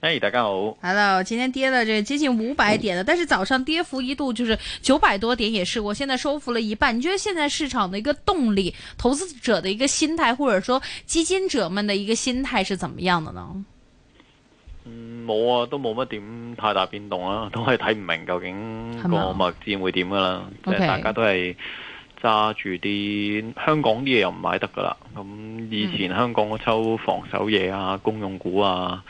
誒，hey, 大家好，Hello，今天跌咗這接近五百點啦，嗯、但是早上跌幅一度就是九百多點，也是，我現在收復了一半。你覺得現在市場的一個動力，投資者的一個心態，或者說基金者們的一個心態是怎麼樣的呢？嗯，冇啊，都冇乜點太大變動啊，都係睇唔明究竟個黃金會點噶啦，即係嗎大家都係揸住啲香港啲嘢又唔買得噶啦，咁、嗯嗯、以前香港嗰抽防守嘢啊，公用股啊。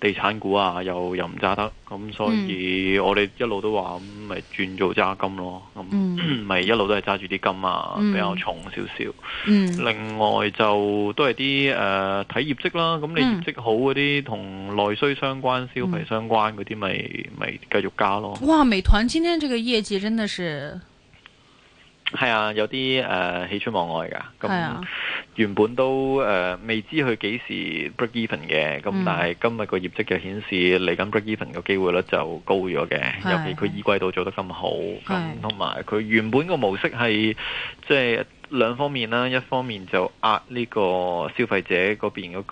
地產股啊，又又唔揸得，咁、嗯嗯、所以我哋一路都話咁咪轉做揸金咯，咁咪、嗯、 一路都係揸住啲金啊，嗯、比較重少少。嗯、另外就都係啲誒睇業績啦，咁你業績好嗰啲同內需相關、消費相關嗰啲，咪咪繼續加咯。哇！美團今天這個業績真係係啊，有啲誒喜出望外噶。嗯原本都誒、呃、未知佢幾時 break even 嘅，咁、嗯、但係今日個業績就顯示嚟緊 break even 嘅機會率就高咗嘅，是尤其佢二季度做得咁好，咁同埋佢原本個模式係即係兩方面啦，一方面就壓呢個消費者嗰邊嗰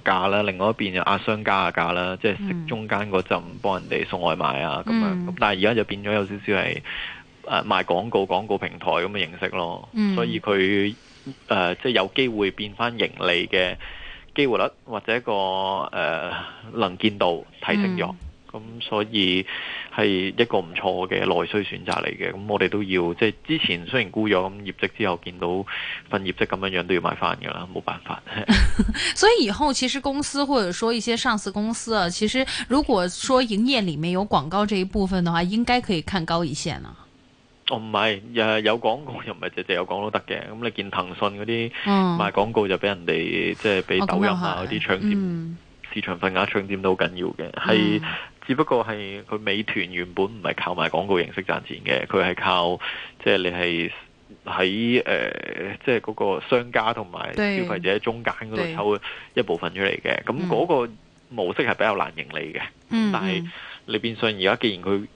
個價啦，另外一邊就壓商家嘅價啦，即係食中間嗰陣幫人哋送外賣啊咁、嗯、樣，咁但係而家就變咗有少少係誒賣廣告、廣告平台咁嘅形式咯，嗯、所以佢。誒、呃，即係有機會變翻盈利嘅機會率，或者一個誒、呃、能見度提升咗，咁、嗯嗯、所以係一個唔錯嘅內需選擇嚟嘅。咁、嗯、我哋都要，即係之前雖然沽咗，咁業績之後見到份業績咁樣樣都要買翻嘅啦，冇辦法。 所以以後其實公司或者說一些上市公司啊，其實如果說營業裏面有廣告這一部分嘅話，應該可以看高一線啊。哦，唔係，又係有廣告、嗯、又唔係，隻隻有廣告都得嘅。咁你見騰訊嗰啲賣廣告就俾人哋，嗯、即係俾抖音啊嗰啲搶佔市場份額唱店，搶佔都好緊要嘅。係，只不過係佢美團原本唔係靠賣廣告形式賺錢嘅，佢係靠即係你係喺、呃、即係嗰個商家同埋消費者中間嗰度抽一部分出嚟嘅。咁嗰、嗯、個模式係比較難盈利嘅，嗯、但係你變相而家既然佢。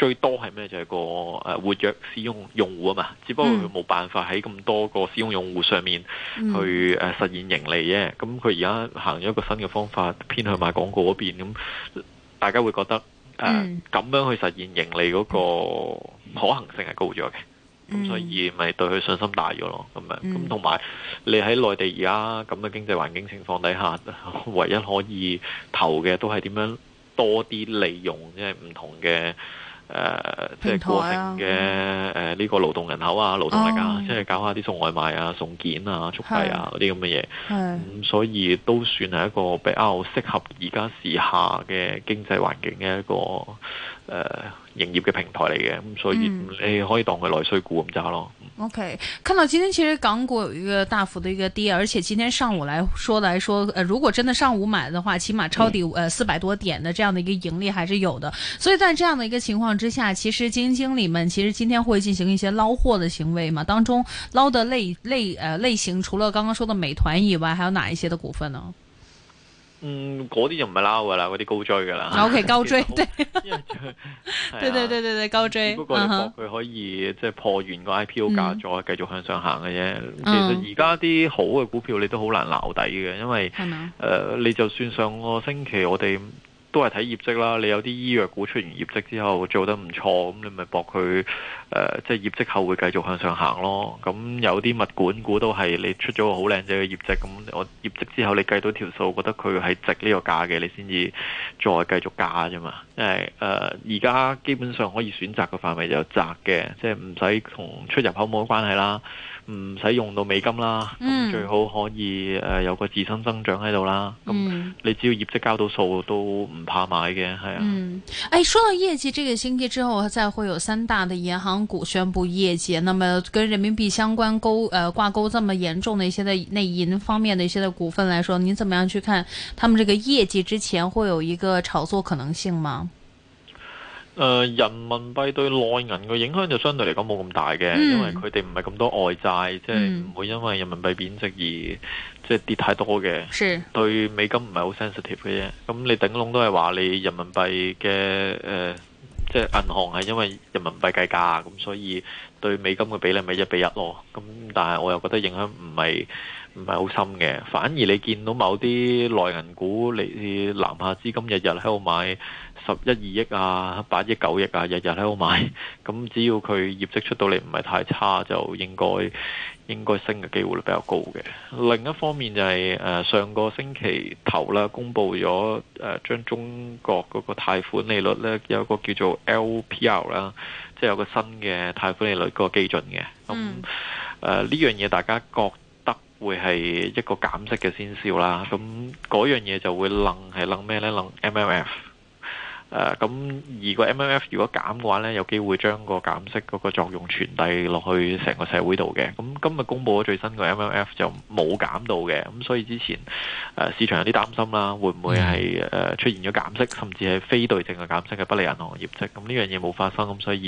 最多係咩？就係、是、個誒活躍使用用戶啊嘛，只不過佢冇辦法喺咁多個使用用戶上面去誒實現盈利啫。咁佢而家行咗一個新嘅方法，偏向賣廣告嗰邊。咁大家會覺得誒咁、呃嗯、樣去實現盈利嗰個可行性係高咗嘅。咁所以咪對佢信心大咗咯。咁樣咁同埋你喺內地而家咁嘅經濟環境情況底下，唯一可以投嘅都係點樣多啲利用即係唔同嘅。誒、呃，即係過剩嘅誒，呢、啊嗯呃呢個勞動人口啊、勞動力啊，哦、即係搞下啲送外賣啊、送件啊、速遞啊嗰啲咁嘅嘢，咁所以都算係一個比較適合而家時下嘅經濟環境嘅一個誒營、呃、業嘅平台嚟嘅，咁所以你、嗯哎、可以當佢內需股咁揸咯。O、okay. K，看到今天其實港股有一個大幅嘅一個跌，而且今天上午來說來說，誒、呃、如果真的上午買的話，起碼抄底誒四百多點的這樣的嘅一個盈利還是有的。所以在這樣的嘅一個情況之下，其實基金經理們其實今天會進行一些撈貨嘅行為嘛，當中撈的類類誒、呃、類型，除了剛剛說的美團以外，還有哪一些的股份呢？嗯，嗰啲就唔係撈噶啦，嗰啲高追噶啦。尤其、OK, 高追，對，對對對對對，高追。不過搏佢、uh huh. 可以即係、就是、破完個 IPO 價再繼續向上行嘅啫。其實而家啲好嘅股票你都好難撈底嘅，因為誒嗎、呃，你就算上個星期我哋。都係睇業績啦，你有啲醫藥股出完業績之後做得唔錯，咁你咪搏佢誒，即係業績後會繼續向上行咯。咁有啲物管股都係你出咗個好靚仔嘅業績，咁我業績之後你計到條數，覺得佢係值呢個價嘅，你先至再繼續加啫嘛。因為，呃，而家基本上可以選擇嘅範圍窄就窄嘅，即係唔使同出入口冇關係啦。唔使用，用到美金啦，咁最好可以誒、嗯、呃、有個自身增長喺度啦。咁你只要業績交到數、嗯、都唔怕買嘅係啊。嗯、誒、哎，說到業績，這個星期之後再會有三大的銀行股宣布業績。那麼跟人民幣相關勾誒、呃、掛鈎這麼嚴重的一些的內銀方面的一些的股份來說，你怎麼樣去看他們這個業績之前會有一個炒作可能性嗎？誒、呃、人民幣對內銀嘅影響就相對嚟講冇咁大嘅，嗯、因為佢哋唔係咁多外債，即係唔會因為人民幣貶值而即係、就是、跌太多嘅。是對美金唔係好 sensitive 嘅啫。咁你頂籠都係話你人民幣嘅誒，即係銀行係因為人民幣計價，咁所以對美金嘅比例咪一比一咯。咁但係我又覺得影響唔係唔係好深嘅，反而你見到某啲內銀股，你南下資金日日喺度買。十一二億啊，八億九億啊，日日喺度買，咁只要佢業績出到嚟唔係太差，就應該應該升嘅機會率比較高嘅。另一方面就係誒上個星期頭啦，公布咗誒將中國嗰個貸款利率咧有一個叫做 LPR 啦，即係有個新嘅貸款利率個基準嘅。嗯。誒呢樣嘢大家覺得會係一個減息嘅先兆啦，咁嗰樣嘢就會諗係諗咩咧，諗 MLF。誒咁，而個 MLF 如果減嘅話咧，有機會將個減息嗰個作用傳遞落去成個社會度嘅。咁今日公布咗最新嘅 MLF 就冇減到嘅，咁所以之前誒市場有啲擔心啦，會唔會係誒出現咗減息，甚至係非對稱嘅減息嘅不利銀行業績？咁呢樣嘢冇發生，咁所以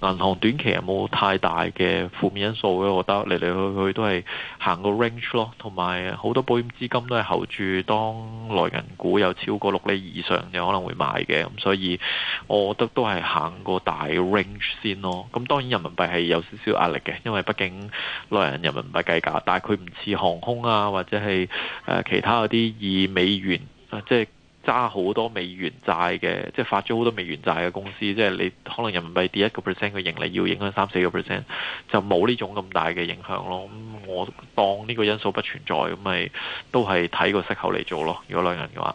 銀行短期係冇太大嘅負面因素咯。我覺得嚟嚟去去都係行個 range 咯，同埋好多保險資金都係候住，當來銀股有超過六厘以上，有可能會買嘅。所以我，我覺得都係行個大 range 先咯。咁當然人民幣係有少少壓力嘅，因為畢竟內銀人，人民幣計價，但係佢唔似航空啊，或者係誒、呃、其他嗰啲以美元，啊、即係揸好多美元債嘅，即係發咗好多美元債嘅公司，即係你可能人民幣跌一個 percent，嘅盈利要影響三四個 percent，就冇呢種咁大嘅影響咯。咁我當呢個因素不存在，咁咪、就是、都係睇個息口嚟做咯。如果內銀嘅話。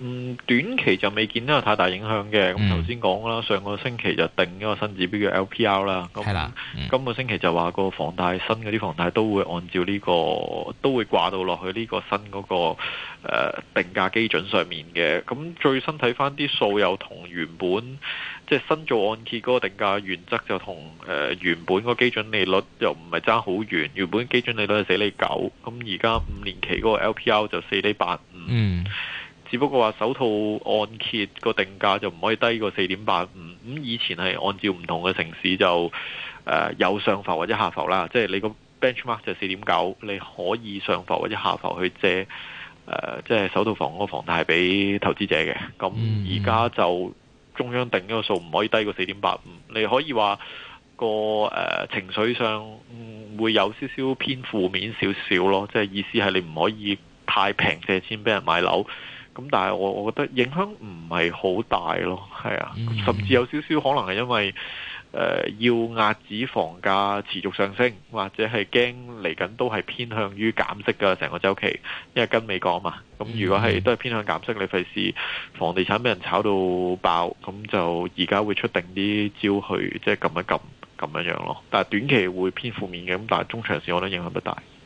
嗯，短期就未見得有太大影響嘅。咁頭先講啦，嗯、上個星期就定咗個新指標叫 LPR 啦。係啦。嗯、今個星期就話個房貸新嗰啲房貸都會按照呢、這個都會掛到落去呢個新嗰、那個誒、呃、定價基準上面嘅。咁最新睇翻啲數又同原本即係、就是、新做按揭嗰個定價原則就同誒、呃、原本嗰個基準利率又唔係爭好遠。原本基準利率係四厘九，咁而家五年期嗰個 LPR 就四厘八五。只不過話首套按揭個定價就唔可以低過四點八五，咁以前係按照唔同嘅城市就誒、呃、有上浮或者下浮啦，即係你個 benchmark 就四點九，你可以上浮或者下浮去借誒、呃，即係首套房嗰個房貸俾投資者嘅。咁而家就中央定咗個數唔可以低過四點八五，你可以話、那個誒、呃、情緒上、嗯、會有少少偏負面少少咯，即係意思係你唔可以太平借錢俾人買樓。咁但係我，我覺得影響唔係好大咯，係啊，甚至有少少可能係因為誒、呃、要壓止房價持續上升，或者係驚嚟緊都係偏向於減息嘅成個周期，因為跟美國啊嘛，咁如果係都係偏向減息，你費事房地產俾人炒到爆，咁就而家會出定啲招去即係撳一撳咁樣樣咯。但係短期會偏負面嘅，咁但係中長線我覺得影響不大。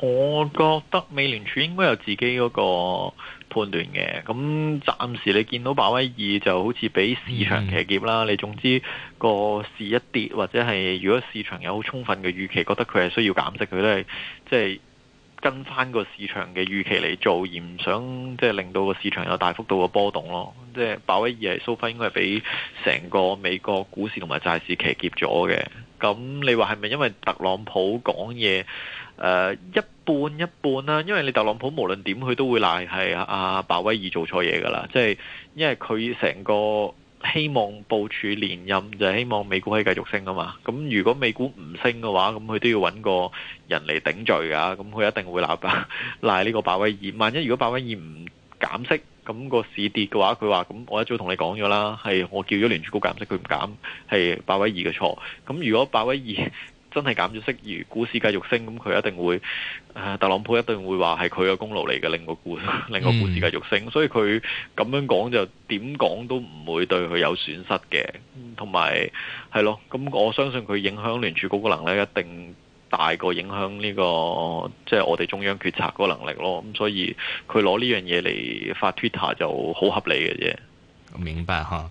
我覺得美聯儲應該有自己嗰個判斷嘅。咁暫時你見到鮑威爾就好似俾市場騎劫啦。你總之個市一跌或者係如果市場有好充分嘅預期，覺得佢係需要減息，佢都係即係跟翻個市場嘅預期嚟做，而唔想即係令到個市場有大幅度嘅波動咯。即係鮑威爾係 so far，應該係俾成個美國股市同埋債市騎劫咗嘅。咁你話係咪因為特朗普講嘢？誒、uh, 一半一半啦、啊，因為你特朗普無論點佢都會賴係阿鮑威爾做錯嘢噶啦，即係因為佢成個希望部署連任就係、是、希望美股可以繼續升啊嘛。咁如果美股唔升嘅話，咁佢都要揾個人嚟頂罪噶。咁佢一定會鬧噶，賴呢個鮑威爾。萬一如果鮑威爾唔減息，咁、那個市跌嘅話，佢話咁我一早同你講咗啦，係我叫咗聯儲局減息，佢唔減係鮑威爾嘅錯。咁如果鮑威爾真係減咗息，而股市繼續升，咁佢一定會，特朗普一定會話係佢嘅功勞嚟嘅，令個股令個股市繼續升，嗯、所以佢咁樣講就點講都唔會對佢有損失嘅，同埋係咯，咁我相信佢影響聯儲局個能力一定大過影響呢、這個即係、就是、我哋中央決策個能力咯，咁所以佢攞呢樣嘢嚟發 Twitter 就好合理嘅啫。明白哈。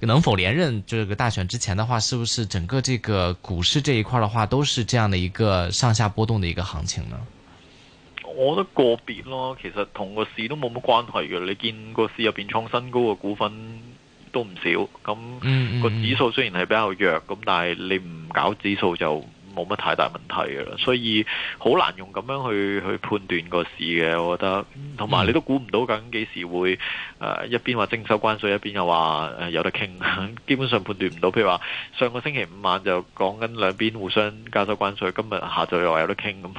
能否連任？就個大選之前的話，是不是整個這個股市這一塊的話，都是這樣的一個上下波動的一個行情呢？我覺得個別咯，其實同個市都冇乜關係嘅。你見個市入邊創新高嘅股份都唔少，咁個指數雖然係比較弱，咁但係你唔搞指數就，冇乜太大問題嘅啦，所以好難用咁樣去去判斷個市嘅，我覺得，同埋你都估唔到緊幾時會誒、呃、一邊話徵收關稅，一邊又話誒、呃、有得傾，基本上判斷唔到。譬如話上個星期五晚就講緊兩邊互相加收關稅，今日下晝又話有得傾咁，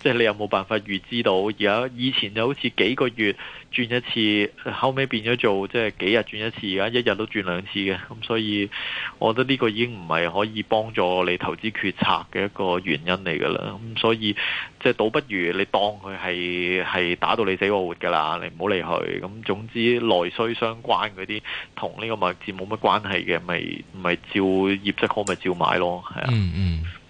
即係 你又冇辦法預知到。而家以前就好似幾個月轉一次，後尾變咗做即係幾日轉一次，而家一日都轉兩次嘅，咁所以我覺得呢個已經唔係可以幫助你投資決策。拍嘅一個原因嚟噶啦，咁所以即係倒不如你當佢係係打到你死我活噶啦，你唔好理佢。咁總之內需相關嗰啲同呢個物業冇乜關係嘅，咪咪照業績好咪照買咯，係啊。嗯嗯。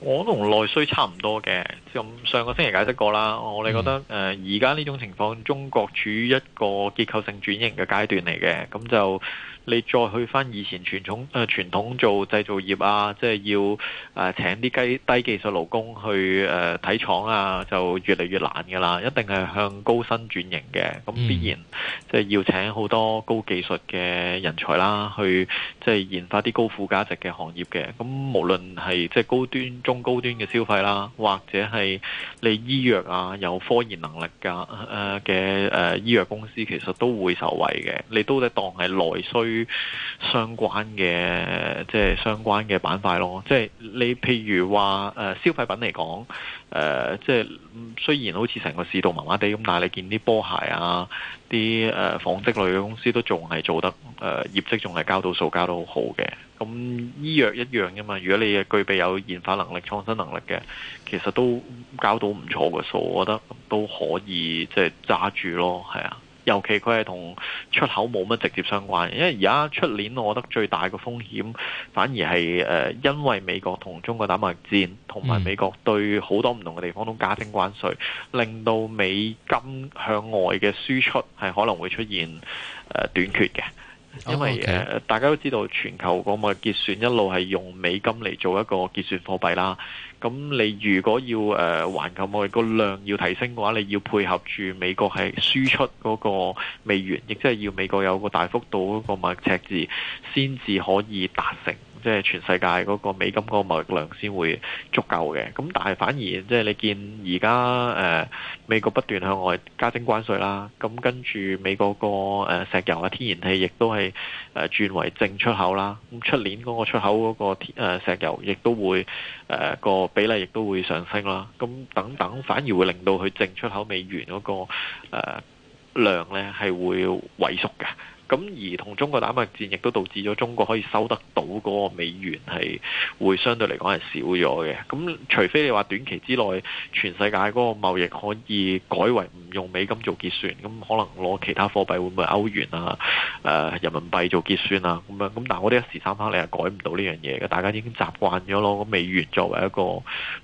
我同內需差唔多嘅，咁上個星期解釋過啦。我哋覺得，誒而家呢種情況，中國處於一個結構性轉型嘅階段嚟嘅，咁就。你再去翻以前傳統誒傳統做製造業啊，即係要誒請啲低低技術勞工去誒睇廠啊，就越嚟越難㗎啦。一定係向高薪轉型嘅，咁必然即係要請好多高技術嘅人才啦，去即係研發啲高附加值嘅行業嘅。咁無論係即係高端、中高端嘅消費啦，或者係你醫藥啊，有科研能力㗎嘅誒醫藥公司，其實都會受惠嘅。你都得當係內需。相關嘅即係相關嘅板塊咯，即係你譬如話誒、呃、消費品嚟講，誒、呃、即係雖然好似成個市道麻麻地咁，但係你見啲波鞋啊，啲誒紡織類嘅公司都仲係做得誒、呃、業績仲係交到數，交到好好嘅。咁醫藥一樣㗎嘛，如果你具備有研發能力、創新能力嘅，其實都交到唔錯嘅數，我覺得都可以即係揸住咯，係啊。尤其佢係同出口冇乜直接相關的，因為而家出年我覺得最大嘅風險反而係、呃、因為美國同中國打貿易戰，同埋美國對好多唔同嘅地方都加徵關稅，令到美金向外嘅輸出係可能會出現、呃、短缺嘅。因為誒，大家都知道全球個貿易結算一路係用美金嚟做一個結算貨幣啦。咁你如果要誒環球貿易個量要提升嘅話，你要配合住美國係輸出嗰個美元，亦即係要美國有個大幅度嗰個貿易赤字，先至可以達成。即係全世界嗰個美金個貿易量先會足夠嘅，咁但係反而即係你見而家誒美國不斷向外加徵關稅啦，咁跟住美國個誒石油啊、天然氣亦都係誒轉為淨出口啦，咁出年嗰個出口嗰個誒石油亦都會誒個比例亦都會上升啦，咁等等反而會令到佢淨出口美元嗰個誒量咧係會萎縮嘅。咁而同中國打貿易戰亦都導致咗中國可以收得到嗰個美元係會相對嚟講係少咗嘅。咁除非你話短期之內全世界嗰個貿易可以改為唔用美金做結算，咁可能攞其他貨幣會唔會歐元啊、誒、呃、人民幣做結算啊咁樣，咁但係我哋一時三刻你係改唔到呢樣嘢嘅，大家已經習慣咗咯。美元作為一個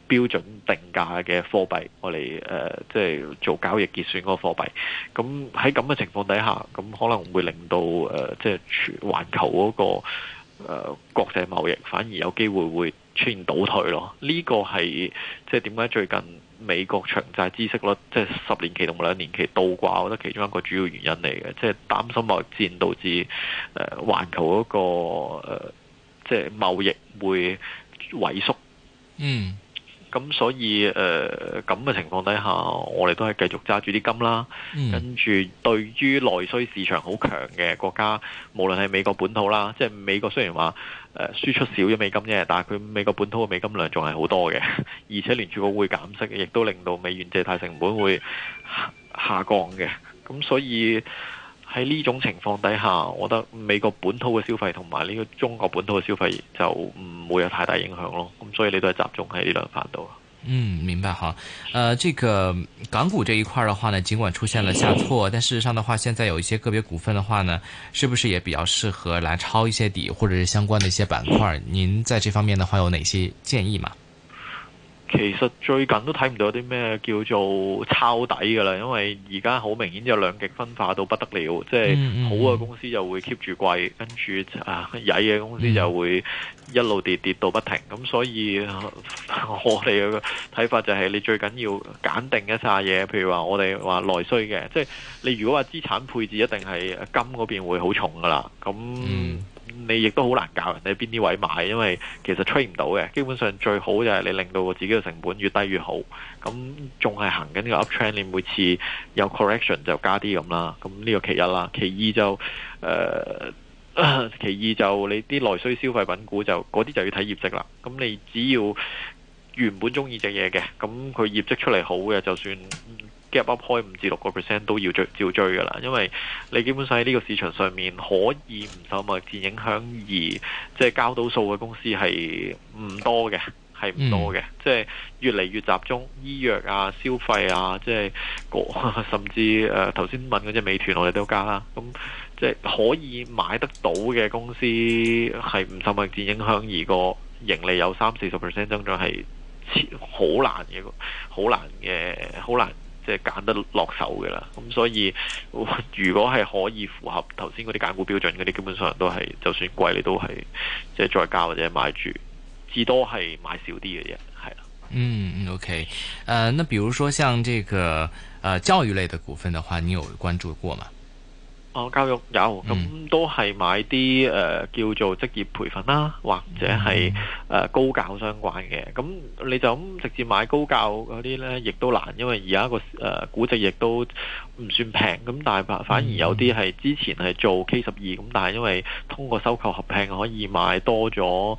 標準定價嘅貨幣，我嚟誒即係做交易結算嗰個貨幣，咁喺咁嘅情況底下，咁可能會令。到誒，即係環球嗰個誒國際貿易，反而有機會會出現倒退咯。呢個係即係點解最近美國長債孳息率即係十年期同兩年期倒掛，我覺得其中一個主要原因嚟嘅，即係擔心貿易戰導致誒環球嗰個誒即係貿易會萎縮。嗯。咁所以誒咁嘅情況底下，我哋都係繼續揸住啲金啦。跟住、嗯、對於內需市場好強嘅國家，無論係美國本土啦，即係美國雖然話輸、呃、輸出少咗美金啫，但係佢美國本土嘅美金量仲係好多嘅。而且聯儲局會減息，亦都令到美元借貸成本會下降嘅。咁所以。喺呢種情況底下，我覺得美國本土嘅消費同埋呢個中國本土嘅消費就唔會有太大影響咯。咁所以你都係集中喺呢兩範度。嗯，明白哈。呃，這個港股這一塊嘅話呢，儘管出現了下挫，但事實上嘅話，現在有一些個別股份嘅話呢，是不是也比較適合來抄一些底，或者是相關的一些板塊？您在這方面嘅話有哪些建議嗎？其實最近都睇唔到有啲咩叫做抄底㗎啦，因為而家好明顯有兩極分化到不得了，即係好嘅公司就會 keep 住貴，跟住啊曳嘅公司就會一路跌跌到不停。咁所以我哋嘅睇法就係你最緊要揀定一下嘢，譬如話我哋話內需嘅，即係你如果話資產配置一定係金嗰邊會好重噶啦，咁。嗯你亦都好難教人喺邊啲位買，因為其實追唔到嘅。基本上最好就係你令到自己嘅成本越低越好。咁仲係行緊呢個 up trend，你每次有 correction 就加啲咁啦。咁呢個其一啦，其二就誒、呃，其二就你啲內需消費品股就嗰啲就要睇業績啦。咁你只要原本中意隻嘢嘅，咁佢業績出嚟好嘅，就算。gap 開五至六個 percent 都要追，照追噶啦。因為你基本上喺呢個市場上面可以唔受貿易戰影響，而即係交到數嘅公司係唔多嘅，係唔多嘅。即係越嚟越集中醫藥啊、消費啊，即係個甚至誒頭先問嗰隻美團我哋都加啦。咁即係可以買得到嘅公司係唔受貿易戰影響，而個盈利有三四十 percent 增長係好難嘅，好難嘅，好難。即係揀得落手嘅啦，咁、嗯、所以如果係可以符合頭先嗰啲揀股標準嘅，你基本上都係就算貴你都係即係再加或者買住，至多係買少啲嘅嘢，係啦。嗯，OK，誒、uh，那比如說像這個、uh, 教育類的股份的話，你有關注過嗎？哦，教育有咁都係買啲誒、呃、叫做職業培訓啦，或者係誒、呃、高教相關嘅。咁你就咁直接買高教嗰啲呢，亦都難，因為而家、個誒、呃、估值亦都唔算平。咁但係反而有啲係之前係做 K 十二，咁但係因為通過收購合併可以買多咗誒、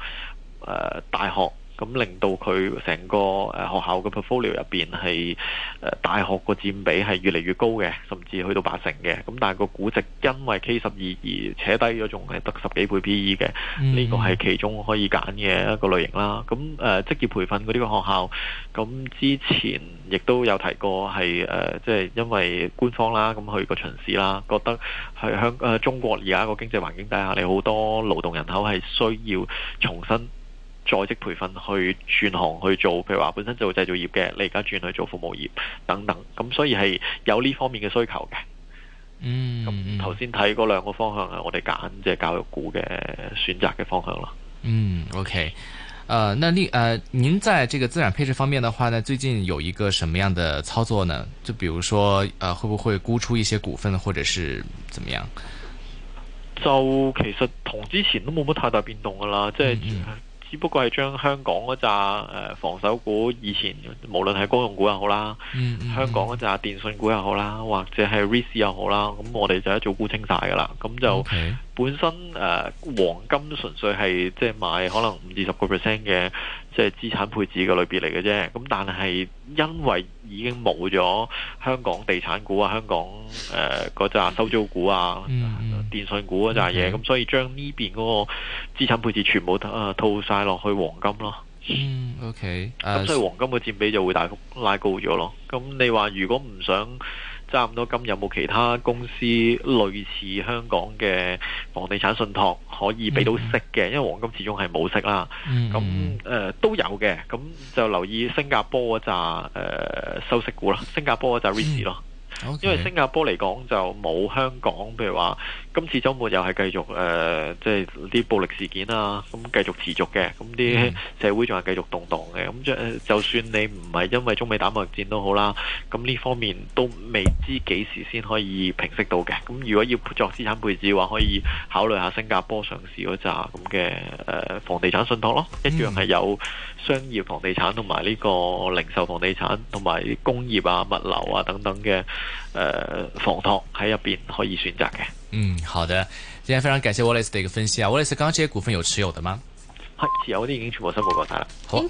呃、大學。咁令到佢成個誒學校嘅 portfolio 入邊係誒大學個佔比係越嚟越高嘅，甚至去到八成嘅。咁但係個估值因為 K 十二而扯低咗，仲係得十幾倍 PE 嘅。呢、mm hmm. 個係其中可以揀嘅一個類型啦。咁誒、呃、職業培訓嗰啲個學校，咁之前亦都有提過，係誒即係因為官方啦，咁去個巡視啦，覺得係香誒中國而家個經濟環境底下，你好多勞動人口係需要重新。在職培訓去轉行去做，譬如話本身做製造業嘅，你而家轉去做服務業等等，咁所以係有呢方面嘅需求嘅。嗯，咁頭先睇嗰兩個方向係我哋揀即係教育股嘅選擇嘅方向咯。嗯，OK，誒、呃，那呢誒、呃，您在這個資產配置方面的話，呢最近有一個什麼樣的操作呢？就比如說，誒、呃，會不會沽出一些股份，或者是怎麼樣？就其實同之前都冇乜太大變動噶啦，嗯嗯即係。只不過係將香港嗰扎誒防守股，以前無論係公用股又好啦，嗯嗯嗯香港嗰扎電信股又好啦，或者係 RIS 又好啦，咁我哋就一早沽清晒噶啦，咁就。Okay. 本身誒、呃、黃金純粹係即係買可能五至十個 percent 嘅即係資產配置嘅類別嚟嘅啫，咁但係因為已經冇咗香港地產股啊、香港誒嗰扎收租股啊、嗯、電信股嗰扎嘢，咁、嗯、所以將呢邊嗰個資產配置全部啊套曬落去黃金咯。嗯、OK 咁所以黃金嘅佔比就會大幅拉高咗咯。咁你話如果唔想？差唔多，咁有冇其他公司類似香港嘅房地產信託可以俾到息嘅？因為黃金始終係冇息啦。咁誒、呃、都有嘅，咁就留意新加坡嗰扎誒收息股啦，新加坡嗰紮 REITs 咯。嗯 Okay. 因為新加坡嚟講就冇香港，譬如話今次周末又係繼續誒，即係啲暴力事件啊，咁繼續持續嘅，咁啲社會仲係繼續動蕩嘅。咁即就算你唔係因為中美打貿易戰都好啦，咁呢方面都未知幾時先可以平息到嘅。咁如果要作資產配置嘅話，可以考慮下新加坡上市嗰扎咁嘅誒房地產信託咯，嗯、一樣係有商業房地產同埋呢個零售房地產，同埋工業啊、物流啊等等嘅。誒，房託喺入邊可以選擇嘅。嗯，好的。今日非常感謝 Wallace 嘅一個分析啊。Wallace，剛剛這些股份有持有的嗎？係，持有啲已經全部申報過晒啦。好。